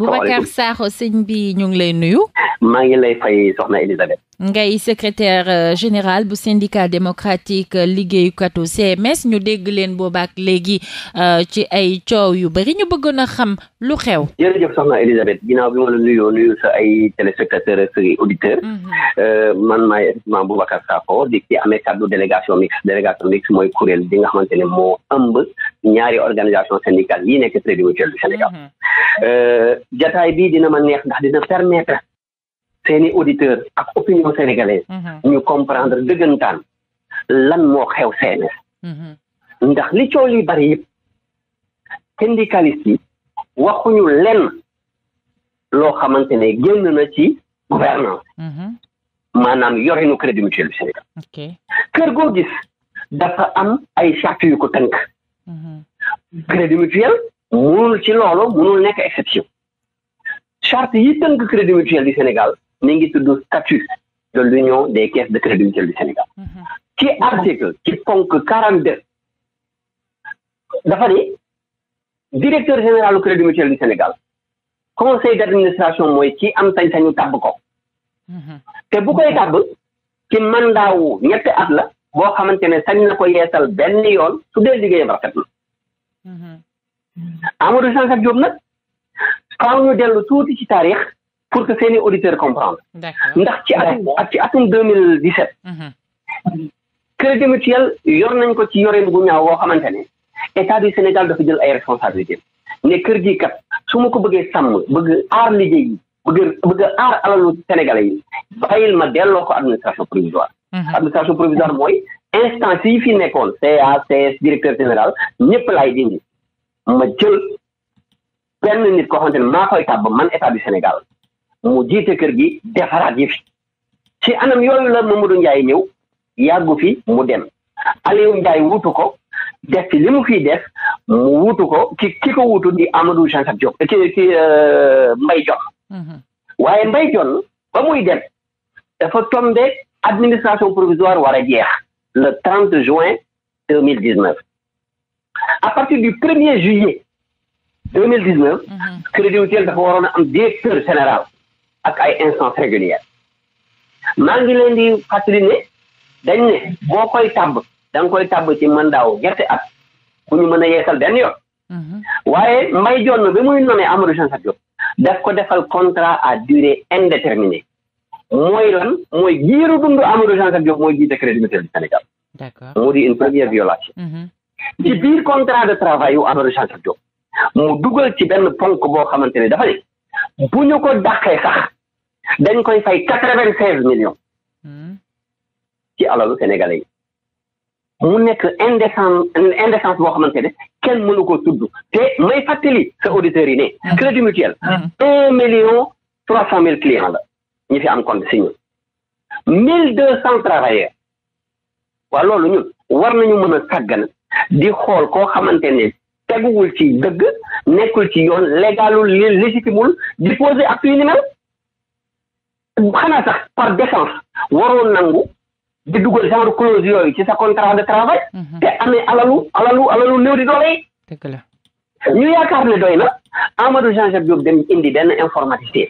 Boubacar Sarr sëñ bi ñu ngi lay nuyu. maa ngi lay fay soxna Elisabeth. ngay secrétaire euh, général bu syndicat démocratique euh, liggéeykatu CMS ñu dégg leen boobaak léegi euh, ci ay coow yu bari ñu bëggoon a xam lu xew. jërëjëf soxna Elisabeth ginnaaw bi ma la nuyoo nuyu sa ay téléspectateurs ak say auditeurs. Mhm. man maay effectivement Boubacar Sakho di ci amee kàddu délégation mixte délégation mixte mooy kuréel bi nga xamante ne moo ëmb ñaari organisation syndicale yi nekk Crédit Mutuel Euh, jataay bi dina ma neex ndax dina permettre seeni auditeur ak opinion sénégalaise mhm. ñu comprendre dëggantaan lan moo xew CNS mhm. ndax li coow li bari yëpp syndicaliste waxuñu lenn loo xamante ne génn na ci gouvernance mhm. maanaam yorinu crédit mutuel du Sénégal kër goo gis dafa am ay charte yu ko tënk crédit mutuel munul ci loolu munul nekk exception charte yi tënk crédit mutuel du Sénégal mi ngi tudd statut de l'union des caisses de crédit mutuel du Sénégal mhm. ci article ci ponk quarante deux dafa ni directeur général du crédit mutuel du Sénégal conseil d'administration mooy ci am sañ-sañu tàbb ko mhm. te bu koy tàbb ci mandat wu ñetti at la boo xamante ne sañ na ko yeesal benn yoon su dee liggéeyam rafet na mhm. Amadou Sankar Diop nag faaw ñu dellu tuuti ci taarix pour que seeni auditeurs comprendre ndax ci atum ci atum deux mil dix sept mhm. crédit mutuel yor nañ ko ci yorin gu ñaaw woo xamante ne état du Sénégal dafa jël ay responsabilités ne kër gi kat su ma ko bëggee sàmm bëgg aar liggéey yi bëgg bëgg aar alalu sénégalais yi bàyyil ma delloo ko administration provisoire mhm. administration provisoire mooy instance yi fi nekkoon CA CS directeur général ñëpp laay dindi ma jël benn nit ko xamante ne maa koy tàbb man état du Sénégal mu jiite kër gi defaraat yi fi ci anam yooyu la Mamadou Ndiaye ñëw yàggu fi mu dem Aliou Ndiaye wutu ko def fi li mu fiy def mu wutu ko ki ki ko wutu di Amadou Jean Jacques Diop ki ki euh, Mbaye Dione mhm. waaye Mbaye Dione ba muy dem dafa tombé administration provisoire war jeex le 30 juin 2019 à partir du 1er juillet 2019. Mhm. crédit mutuel dafa waroon am directeur général ak ay instances régulières maa ngi leen di fàttali ne dañ ne boo koy tàbb da koy tàbb ci mandaaw gerte at bu ñu mën a yeesal benn yoon. Mhm. waaye Mbaye Dione bi muy nommé Amadou Sansokh Diop daf ko defal contrat à durée indéterminée mooy lan mooy giiru dundu Amadou Sansokh Diop mooy jiite crédit mutuel du Sénégal. d'accord mu di une première violation. Mhm. ci biir contrat de travail yu Amadou mu dugal ci benn ponk boo xamante ne dafa ne bu ñu ko dàqee sax dañ koy fay quatre vingt seize hmm. ci alalu sénégalais yi mu nekk indécence indécence boo xamante ne kenn mënu ko tudd te may fàttali sa auditeurs yi ne hmm. crédit mutuel hmm. un million trois cent mille clients la ñu fi am compte si ñun mille deux cent travailleurs waa loolu ñun war nañu mën a sàggan di xool koo xamante ne teguwul ci dëgg nekkul ci yoon légalul légitimul di poser acte yu ni mel xanaa sax par décence waroon nangu di dugal genre clause yooyu ci sa contrat de travail mhm. te amee alalu alalu alalu néew di doole yi dëgg la ñu yaakaar ne doy na Amadou Jean Jacques Diop dem indi benn informaticien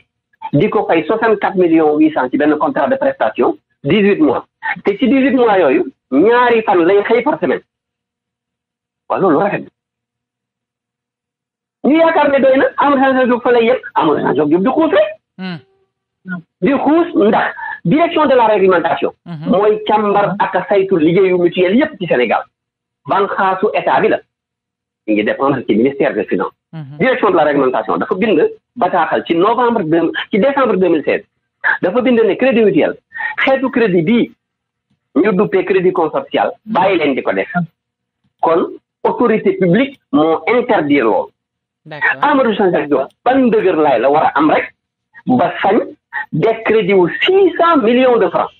di ko fay soixante quatre millions huit cent ci benn contrat de prestation dix huit mois te ci dix huit mois yooyu ñaari fan lay xëy par semaine waaw loolu rafet ñu yaakaar ne doy na amul xanaa jóg fa lay yëpp amul xanaa jóg di xuus rek hmm. di ndax direction de la réglementation hmm. mooy càmbar ak saytu liggéeyu mutuelle yëpp ci Sénégal ban xaasu état bi la ñu ngi dépendre ci ministère des finances hmm. direction de la réglementation dafa bind bataaxal ci novembre deux ci décembre deux mille seize dafa bind ne crédit mutuel xeetu crédit bi ñu duppee crédit consortial bàyyi leen di ko def kon autorité publique moo interdire loolu Amadou Sanchez Diop ban dëgër laay la war a am rek ba sañ des crédit wu six cent millions de francs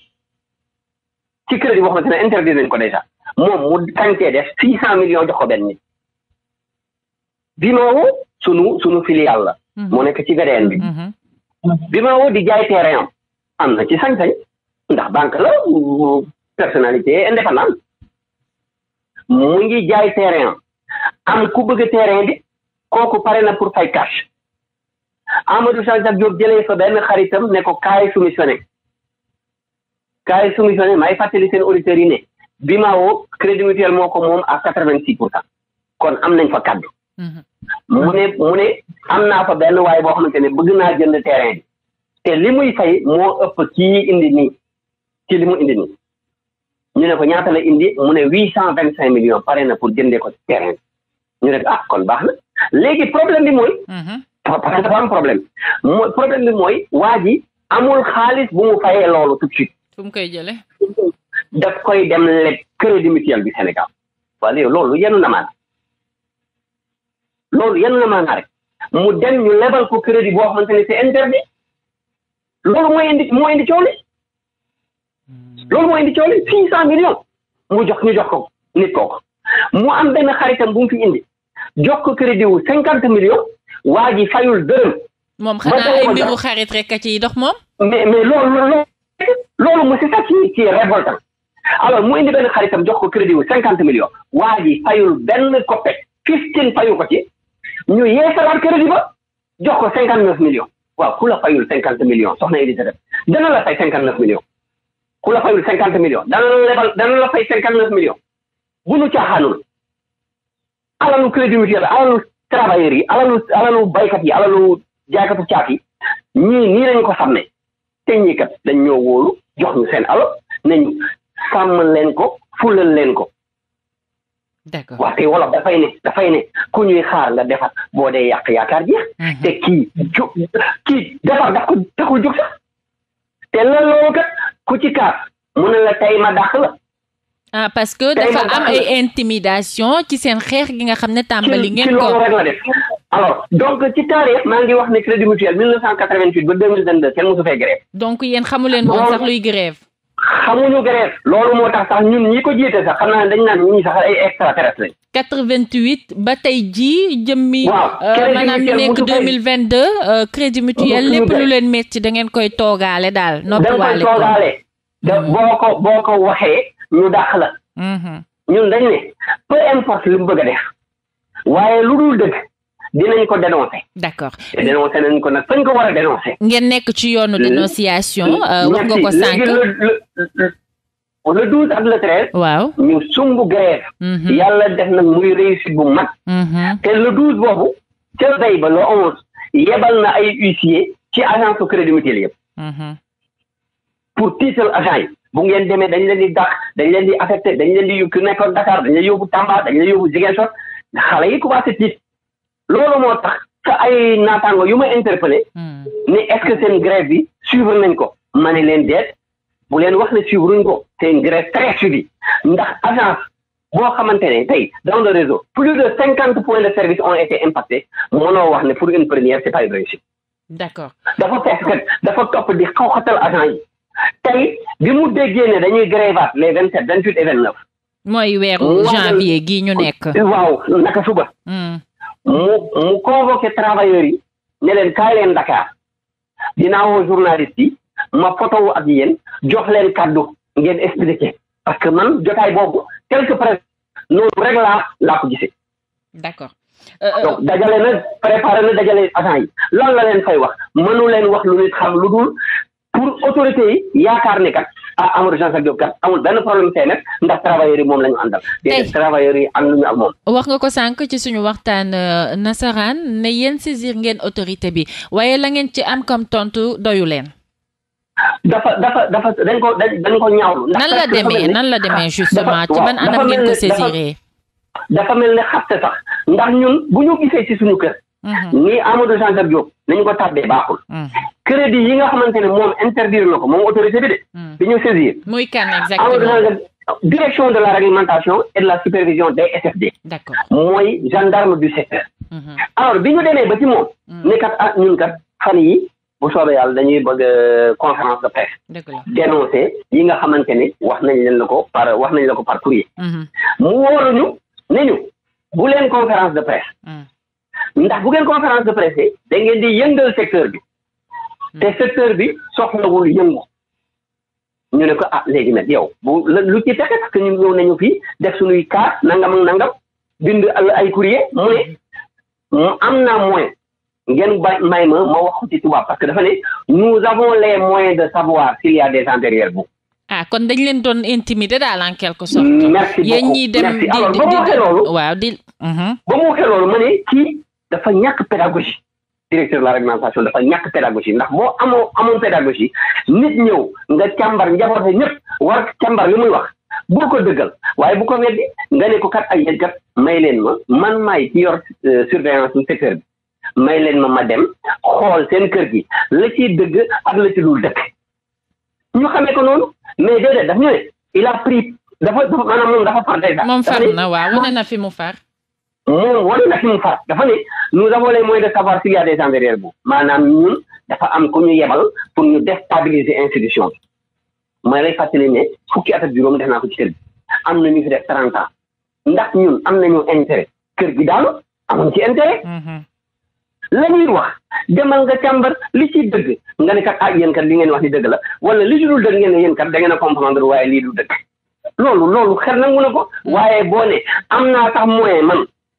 ci crédit boo xamante ne interdire nañ ko déjà moom mu sañcee def six cent millions jox ko benn nit Bimao sunu sunu filiale la mhm. moo nekk ci VDN bi mhm. Bimao di jaay terrain am na ci sañ-sañ ndax banque la personnalité indépendante mu ngi jaay terrain am ku bëgg terrain bi kooku pare na pour fay cash Amadou Cheikh Diak Diop jëlee fa benn xaritam ne ko kaay soumissionné kaay soumissionné may fàttali seen auditeurs yi ne Bimao crédit mutuel moo ko moom à quatre vingt six pour cent kon am nañ fa kàddu mm-hmm. mu ne mu ne am naa fa benn waaye boo xamante ne bëgg naa jënd terrain bi te li muy fay moo ëpp kii indi nii ci li mu indi nii. ñu ne ko ñaata la indi mu ne huit cent vingt cinq millions pare na pour jëndee ko terrain ñu ne ah kon baax na léegi problème bi mooy. parce mhm. que problème mooy problème bi mooy waa ji amul xaalis bu mu fayee loolu tout suite. fu koy jëlee. daf koy dem leb crédit mutuel bi Sénégal wala yow loolu yenu na maana loolu yenu na maana rek mu dem ñu lebal ko crédit boo xamante ne c'est interdit loolu mooy indi mooy indi coono. loolu moo indi li six cent millions mu jox ñu jox ko nit kooku mu am benn xaritam bu mu fi jox ko crédit wu cinquante millions waa ji fayul dërëm. moom xanaa ay mbiru xarit rek a ciy dox moom. mais mais loolu loolu loolu mu si sax ci ci révoltant alors mu indi benn xaritam jox ko crédit wu cinquante millions waa ji fayul benn koppet fifteen fayul ko ci ñu yeesalaat crédit ba jox ko cinquante neuf millions waaw ku la fayul cinquante millions soxna Elisabeth dana la fay cinquante neuf ku la fayul cinquante millions dana la lebal dana la fay cinquante neuf millions bu nu caaxaanul alalu crédit mutuel alalu travailleurs yi alalu alalu baykat yi alalu jaaykatu caaf yi ñii nii lañu ko sàmmee te ñii kat dañ ñoo wóolu jox ñu seen alal nañ sàmm leen ko fulal leen ko. d'accord waaw te wolof dafay ne dafay ne ku ñuy xaar nga defar boo dee yàq yaakaar jeex. Mhm. te kii jóg kii defar daf ko taxul jóg sax te lan loolu kat. ku ci kaas mu la tey ma la. ah parce que dafa am ay intimidation ci seen xeex gi nga xam ne tàmbali ngeen ko rek la def alors donc ci taarix maa ngi wax ne crédit mutuel 1988 ba 2022 kenn mosu fay donc yéen xamu leen woon sax luy grève xamuñu grève loolu moo tax sax ñun ñi ko jiite sax xam naa dañ naan ñii sax ay extraterrestre lañ 88 ba tey jii jëmmi euh, maanaam ñu nekk 2022 euh, crédit mutuel lépp lu leen metti da ngeen koy toogaale daal noppiwaale ko da mm-hmm. boo ko boo ko waxee ñu dax la mm-hmm. ñun dañ ne peu importe li mu bëgg a def waaye lu dul dëgg dinañ ko dénoncer. d'accord te dénoncer nañ ko nag fañ ko war a dénoncer. ngeen nekk ci yoonu dénonciation. Euh, wax nga ko sànq le waaw ñu sumb grève. Mhm. yàlla def nag muy réussite bu mag. Mhm. te le douze boobu. ca veille ba le onze yebal na ay huissier ci agence su crédit mutuel yëpp. Mhm. pour tiital agent yi. bu ngeen demee dañ leen di dàq dañ leen di affecté dañ leen di ku nekkoon Dakar dañ leen yóbbu Tamba dañ leen yóbbu Ziguinchor xale yi commencé tiit. loolu moo tax ay naataango yu may interpellé hmm. ni est sen que seen bi suivre nañ ko ma ne leen deet bu leen wax na suivre nañ ko c'est une grève très suivie ndax agence boo xamante ne tey dans le réseau plus de cinquante points de service ont été impactés mënoo wax ne pour une première c'est pas une réussite d'accord dafa fees dafa topp di xaw xatal agent yi bi mu déggee ne dañuy grévaat les vingt sept vingt huit et vingt neuf mooy weeru janvier gi ñu nekk waaw naka suba hmm. mu mu convoqué travailleurs yi ne leen kaay leen Dakar dinaa woo journaliste yi ma photo ak yéen jox leen kàddu ngeen expliqué parce que man jotaay boobu quelque presque noonu rek laa laa ko gisee. d'accord. Euh, euh, donc na préparé na dajale agent yi lan la leen fay wax mënu leen wax lu nit xam lu dul pour autorités yi yaakaar ne kat ah Amadou Jean Jacques Diop kat amul benn problème CNS ndax travailleurs yi moom lañu ñu àndal. tey yi am lu ñu ak moom. wax nga ko sànq ci suñu waxtaan euh, nasaraan ne yéen saisir ngeen autorité bi waaye la ngeen ci am comme tontu doyu leen. dafa dafa dafa dañ ko ko ñaawlu. nan la demee nan la demee justement ci ban anam ngeen ko saisiree. dafa mel ne xaste sax ndax ñun bu ñu gisee ci suñu kër. Mm-hmm. nii Amadou Jean Jacques Diop nañu ko tàbbee baaxul. Mm-hmm. crédit yi nga xamante ne moom interdire na ko moom autorité bi de. bi mm. ñu saisir. muy kan exactement direction de la réglementation et de la supervision des SFD. mooy gendarme du secteur. Mm-hmm. alors bi ñu demee ba ci moom. Mm. ne kat ah ñun kat fan yi bu soobee yàlla dañuy bëgg euh, conférence de presse. dénoncer yi nga xamante ne wax nañ leen la ko par wax nañ la ko par courrier. mu wóoruñu ne ñu bu leen conférence de presse. Mm. ndax bu ngeen conférence de presse da di yëngal secteur bi te hmm. secteur bi soxlawul yëngu ñu ne ko ah léegi nag yow bu lu ci tege parce que ñun ñëw nañu fii def suñuy kaar nangam ak nangam bind ay courrier mu ne mu am naa moyen ngeen ba may ma ma wax ci tubaab parce que dafa ne nous avons les moyens de savoir s'il y des gens derrière ah kon dañ leen doon intimider daal en quelque sorte. merci dem di di di waaw di. ba mu waxee mhm. ma ne kii dafa ñàkk pédagogie directeur de la réglementation dafa ñàkk pédagogie ndax boo amoo amoon pédagogie nit ñëw nga càmbar njaboote ñëpp war càmbar li muy wax boo ko dëggal waaye bu ko weddi nga ne ko kat ak yëggat may leen ma man maay ci yor euh, surveillance mu secteur bi may leen ma ma dem xool seen kër gi la ciy dëgg ak la ci dul dëkk ñu xamee ko noonu mais déedéet daf ñu ne il a pris dafa dafa maanaam moom dafa far déjà moom far na waaw wane na fi mu far ñun wane na suñu xar dafa ne nous avons les moyens de savoir s'il y a des gens derrière vous maanaam ñun dafa am ku ñu yebal pour ñu déstabiliser institution bi mooy lay fàttali ne fukki at ak juróom def naa ko ci kër gi na ñu fi def trente ndax ñun am nañu intérêt kër gi am na ci intérêt mhm. la ñuy wax demal nga càmbar li ci dëgg nga ne kat ah yéen kat li ngeen wax ni dëgg la wala li ci dul dëgg ngeen ne yéen kat da ngeen a comprendre waaye lii du dëgg loolu loolu xel nangu na ko mhm. waaye boo ne am naa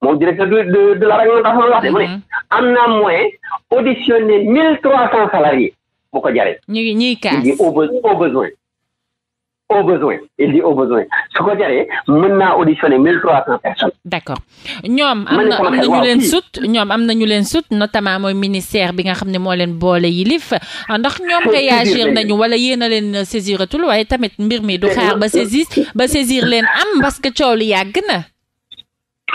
moom directeur de de de la réglementation la de mu ne mm-hmm. am na moyen auditionner mille trois cent ko jaree. ñuy ñuy kaas il dit au besoin au besoin naa auditionner mille ñoom am na am na ñu leen sut na ñu mooy ministère bi nga xam ne moo leen boole yilif ah, ndax ñoom réagir nañu wala yéen a leen saisiratul waaye tamit mbir mi du xaar ba saisir ba leen am parce que coow li yàgg na.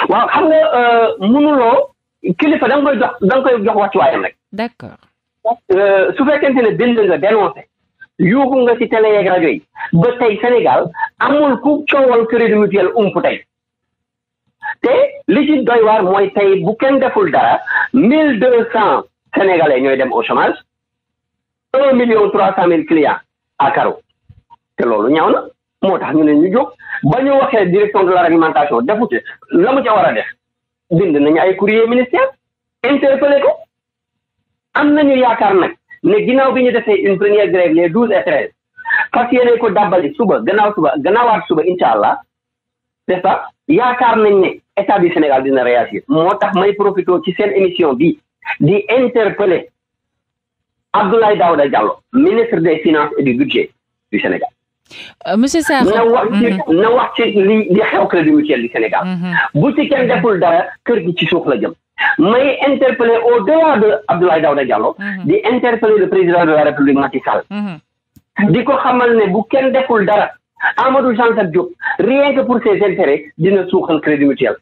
waaw xam nga euh, mënuloo kilifa da koy jox da koy jox wàccuwaayam rek. d'accord euh, su fekkente ne bind nga dénoncé yuuxu nga ci télé yeeg rajo yi ba tey Sénégal amul ku coowal crédit mutuel ump tey te li ci doy mooy tey bu kenn deful dara mille deux cent sénégalais ñooy dem au chômage un million trois cent mille clients à carreau te loolu ñaaw na. moo tax ñu ne ñu jóg ba ñu waxee direction de la réglementation defu ci la mu ca war a def bind nañu ay courrier ministère interpellé ko am nañu yaakaar nag ne ginnaaw bi ñu defee une première grève les douze et treize fas yéene ko dàbbali suba gannaaw suba gannaawaat suba incha allah c'est ça yaakaar nañ ne état du Sénégal dina réagir moo tax may profito ci seen émission bi di interpeller Abdoulaye Daouda Diallo ministre des finances et du budget du Sénégal Euh, monsieur Sarr na wax ci mhm. na wax ci li li xew crédit mutuel du Sénégal. Mhm. bu ci kenn deful dara kër gi ci suuf la jëm. may interpellé au delà de Abdoulaye Daouda Diallo. Mhm. di interpellé le président de la République Macky Sall. di ko xamal ne bu kenn deful dara Amadou Jean Diop rien que pour ses intérêts dina suuxal crédit mutuel.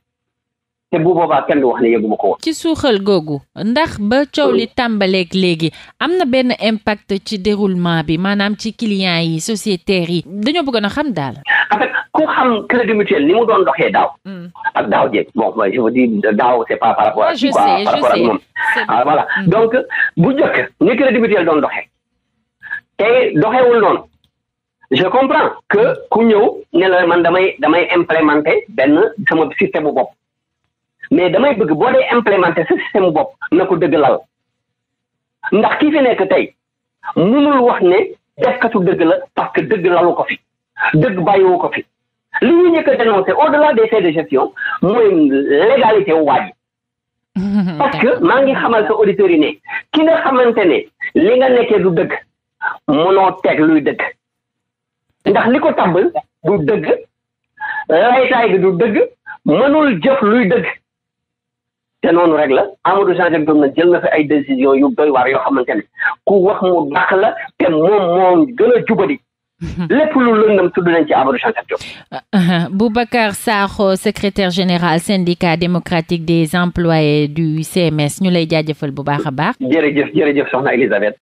te bu boobaa kenn du wax ne yëguma ko woon. ci suuxal googu ndax ba coow li tàmbaleek léegi am na benn impact ci déroulement bi maanaam ci clients yi sociétaires yi dañoo bëggoon a xam daal. en fait ku xam crédit mutuel ni mu doon doxee daaw. Hmm. ak daaw jéeg bon je vous dis daaw c'est pas par rapport ak. je sais ak moom ah, voilà hmm. donc bu njëkk ni crédit mutuel doon doxee tey doxewul noonu. je comprends que ku ñëw ne man damay damay implémenter benn sama système bu mais damay bëgg boo dee implémenter sa système bopp na ko dëgg lal ndax kii fi nekk tey mënul wax ne defkatu dëgg la parce que dëgg lalu ko fi dëgg bàyyiwu ko fi li ñu ñëkk a dénoncé au-delà des faits de gestion mooy légalité waaj parce que maa ngi xamal sa auditeurs yi ne ki nga xamante ne li nga nekkee du dëgg mënoo teg luy dëgg ndax li ko tàmbal du dëgg laytaay bi du dëgg mënul jëf luy dëgg te noonu rek la Amadou Jean Jacques Diop nag jël na fi ay décision yu doy waar yoo xamante ku wax mu dàq la te moom moo gën a jubadi lépp lu lëndam tudd nañ ci Amadou Jean Jacques Diop Boubacar secrétaire général syndicat démocratique des employés du CMS ñu lay jaajëfal bu baax a baax jërëjëf jërëjëf soxna Elisabeth